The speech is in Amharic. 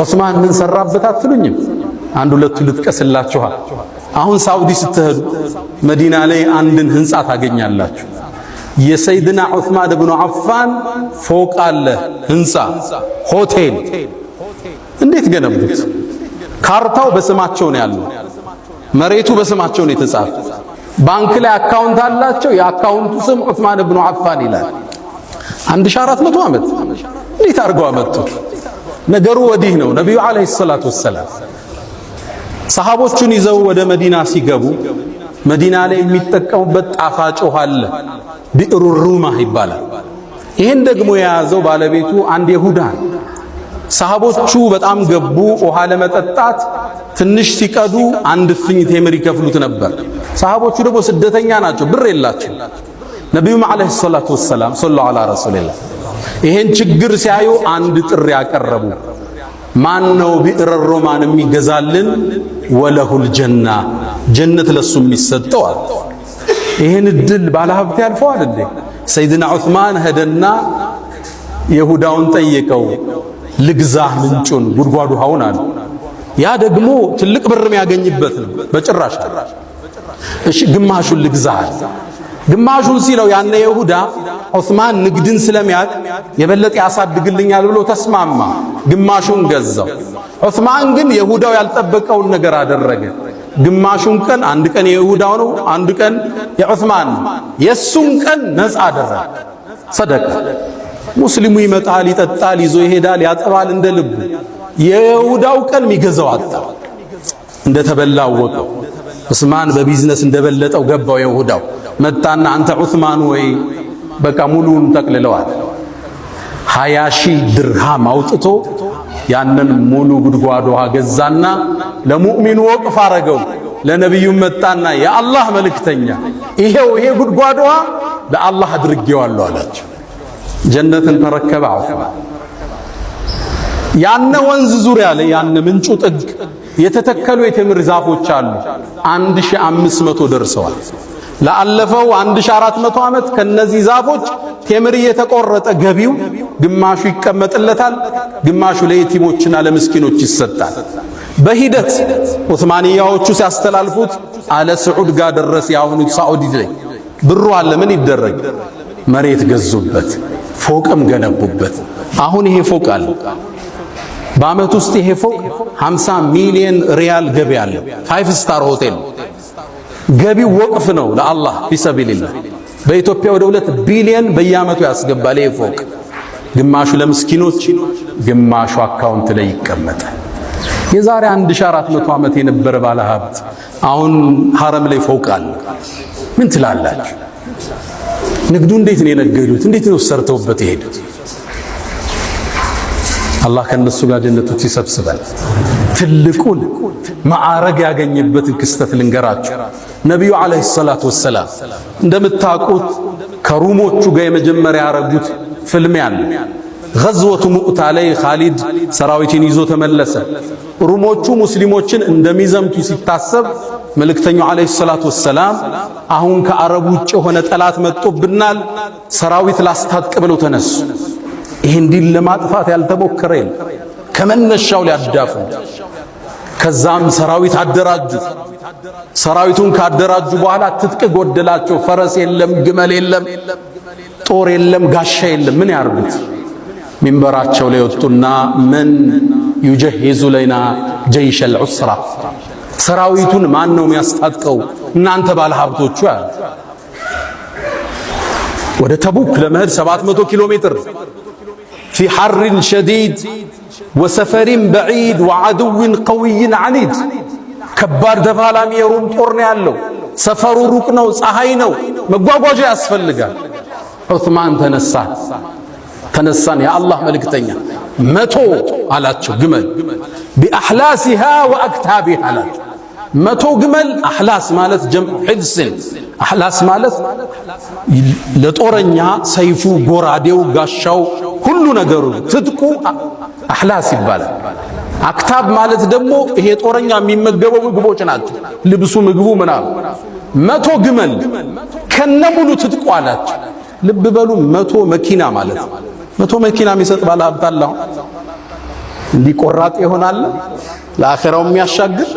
ዑስማን ምን ሰራበት አትሉኝም? አንድ ሁለቱ ልጥቀስላችኋል። አሁን ሳውዲ ስትሄዱ መዲና ላይ አንድን ህንፃ ታገኛላችሁ። የሰይድና ዑስማን ብኑ አፋን ፎቅ አለ፣ ህንፃ ሆቴል። እንዴት ገነቡት? ካርታው በስማቸው ነው ያለው፣ መሬቱ በስማቸው ነው የተጻፈ። ባንክ ላይ አካውንት አላቸው። የአካውንቱ ስም ዑስማን ብኑ አፋን ይላል። 1400 ዓመት እንዴት አድርገው አመጡት? ነገሩ ወዲህ ነው። ነቢዩ ዓለይሂ ሰላቱ ወሰላም ሰሃቦቹን ይዘው ወደ መዲና ሲገቡ መዲና ላይ የሚጠቀሙበት ጣፋጭ ውሃ አለ፣ ቢዕሩ ሩማ ይባላል። ይህን ደግሞ የያዘው ባለቤቱ አንድ ይሁዳ ነው። ሰሃቦቹ በጣም ገቡ። ውሃ ለመጠጣት ትንሽ ሲቀዱ አንድ ፍኝ ቴምር ይከፍሉት ነበር። ሰሃቦቹ ደግሞ ስደተኛ ናቸው፣ ብር የላቸው። ነቢዩም ዓለይሂ ሰላቱ ወሰላም ሰለላሁ ዐላ ረሱሊላህ ይሄን ችግር ሲያዩ አንድ ጥሪ ያቀረቡ ማን ነው ብዕረ ሮማን የሚገዛልን? ወለሁል ጀና ጀነት ለሱ የሚሰጠዋል። ይሄን እድል ባለሀብት ያልፈዋል እንዴ? ሰይድና ዑስማን ሄደና የሁዳውን ጠየቀው። ልግዛህ ምንጩን ጉድጓዱ ውሃውን አለ። ያ ደግሞ ትልቅ ብር የሚያገኝበት ነው። በጭራሽ እሺ፣ ግማሹን ልግዛህ ግማሹን ሲለው ያነ ይሁዳ ዑስማን ንግድን ስለሚያቅ የበለጠ ያሳድግልኛል ብሎ ተስማማ። ግማሹን ገዛው። ዑስማን ግን የሁዳው ያልጠበቀውን ነገር አደረገ። ግማሹን ቀን አንድ ቀን የይሁዳው ነው፣ አንድ ቀን የዑስማን ነው። የሱን ቀን ነፃ አደረገ። ሰደቀ። ሙስሊሙ ይመጣል፣ ይጠጣል፣ ይዞ ይሄዳል፣ ያጠባል እንደ ልቡ። የይሁዳው ቀን የሚገዛው አጣ። እንደተበላ አወቀው። ዑስማን በቢዝነስ እንደበለጠው ገባው የይሁዳው መጣና አንተ ዑስማን ወይ በቃ ሙሉውን ጠቅልለዋል። ሀያ ሺህ ድርሃም አውጥቶ ያንን ሙሉ ጉድጓድ ውሃ ገዛና ለሙእሚኑ ወቅፍ አረገው። ለነቢዩም መጣና የአላህ መልእክተኛ ይሄው ይሄ ጉድጓድ ውሃ ለአላህ አድርጌዋለሁ አላቸው። ጀነትን ተረከበ ዑስማን። ያነ ወንዝ ዙሪያ ላይ ያነ ምንጩ ጥግ የተተከሉ የቴምር ዛፎች አሉ። አንድ ሺህ አምስት መቶ ደርሰዋል። ለአለፈው 1400 ዓመት ከነዚህ ዛፎች ቴምር እየተቆረጠ ገቢው ግማሹ ይቀመጥለታል፣ ግማሹ ለየቲሞችና ለምስኪኖች ይሰጣል። በሂደት ዑስማንያዎቹ ሲያስተላልፉት አለ ስዑድ ጋር ደረስ። ያሁኑ ሳዑዲ ላይ ብሩ አለ። ምን ይደረግ? መሬት ገዙበት፣ ፎቅም ገነቡበት። አሁን ይሄ ፎቅ አለ። በዓመት ውስጥ ይሄ ፎቅ 50 ሚሊዮን ሪያል ገቢ አለ። ፋይቭ ስታር ሆቴል ገቢው ወቅፍ ነው ለአላህ ፊሰቢልላህ። በኢትዮጵያ ወደ ሁለት ቢሊየን በየአመቱ ያስገባል። ይህ ፎቅ ግማሹ ለምስኪኖች፣ ግማሹ አካውንት ላይ ይቀመጣል። የዛሬ 1400 ዓመት የነበረ ባለ ሀብት አሁን ሀረም ላይ ፎቅ አለ። ምን ትላላችሁ? ንግዱ እንዴት ነው የነገዱት? እንዴት ነው ሰርተውበት የሄዱት? አላህ ከእነሱ ጋር ጀነቶች ይሰብስበን። ትልቁን ማዕረግ ያገኘበትን ክስተት ልንገራችሁ። ነቢዩ ዓለይሂ ሰላቱ ወሰላም እንደምታውቁት ከሩሞቹ ጋር የመጀመሪያ ያረጉት ፍልሚያ ነው። ገዝወቱ ሙእታ ላይ ኻሊድ ሰራዊትን ይዞ ተመለሰ። ሩሞቹ ሙስሊሞችን እንደሚዘምቱ ሲታሰብ መልእክተኛው ዓለይሂ ሰላቱ ወሰላም አሁን ከአረብ ውጭ የሆነ ጠላት መጥቶብናል፣ ሰራዊት ላስታጥቅ ብለው ተነሱ። ይህን ዲን ለማጥፋት ያልተሞከረ የለም። ከመነሻው ሊያዳፉት፣ ከዛም ሰራዊት አደራጁ። ሰራዊቱን ካደራጁ በኋላ ትጥቅ ጎደላቸው። ፈረስ የለም፣ ግመል የለም፣ ጦር የለም፣ ጋሻ የለም። ምን ያርጉት? ሚንበራቸው ላይ ወጡና ምን ዩጀሂዙ ለና ጀይሸል ሰራዊቱን ማን ነው የሚያስታጥቀው? እናንተ ባለ ሀብቶቹ ያሉ ወደ ተቡክ ለመሄድ 700 ኪሎ ሜትር ፊ ሐርን ሸዲድ ወሰፈሪን በዒድ ወዐድውን ቀውይን ዐኒድ። ከባድ ተፋላሚ የሩም ጦር ነው ያለው። ሰፈሩ ሩቅ ነው፣ ፀሐይ ነው፣ መጓጓዣ ያስፈልጋል። ዑትማን ተነሳ ተነሳን የአላህ መልእክተኛ መቶ አላቸው ግመል ቢአሕላሲሃ ወአክታቢሃ አላቸው መቶ ግመል። አሕላስ ማለት ጀምዑ ሕልስን፣ አሕላስ ማለት ለጦረኛ ሰይፉ፣ ጎራዴው፣ ጋሻው ሁሉ ነገሩ ትጥቁ አህላስ ይባላል። አክታብ ማለት ደግሞ ይሄ ጦረኛ የሚመገበው ምግቦች ናቸው። ልብሱ፣ ምግቡ ምናም መቶ ግመል ከነሙሉ ሙሉ ትጥቁ አላቸው። ልብ በሉ መቶ መኪና ማለት ነው። መቶ መኪና የሚሰጥ ባለ ሀብት አለ። እንዲህ ቆራጥ ይሆናል ለአኼራው የሚያሻግር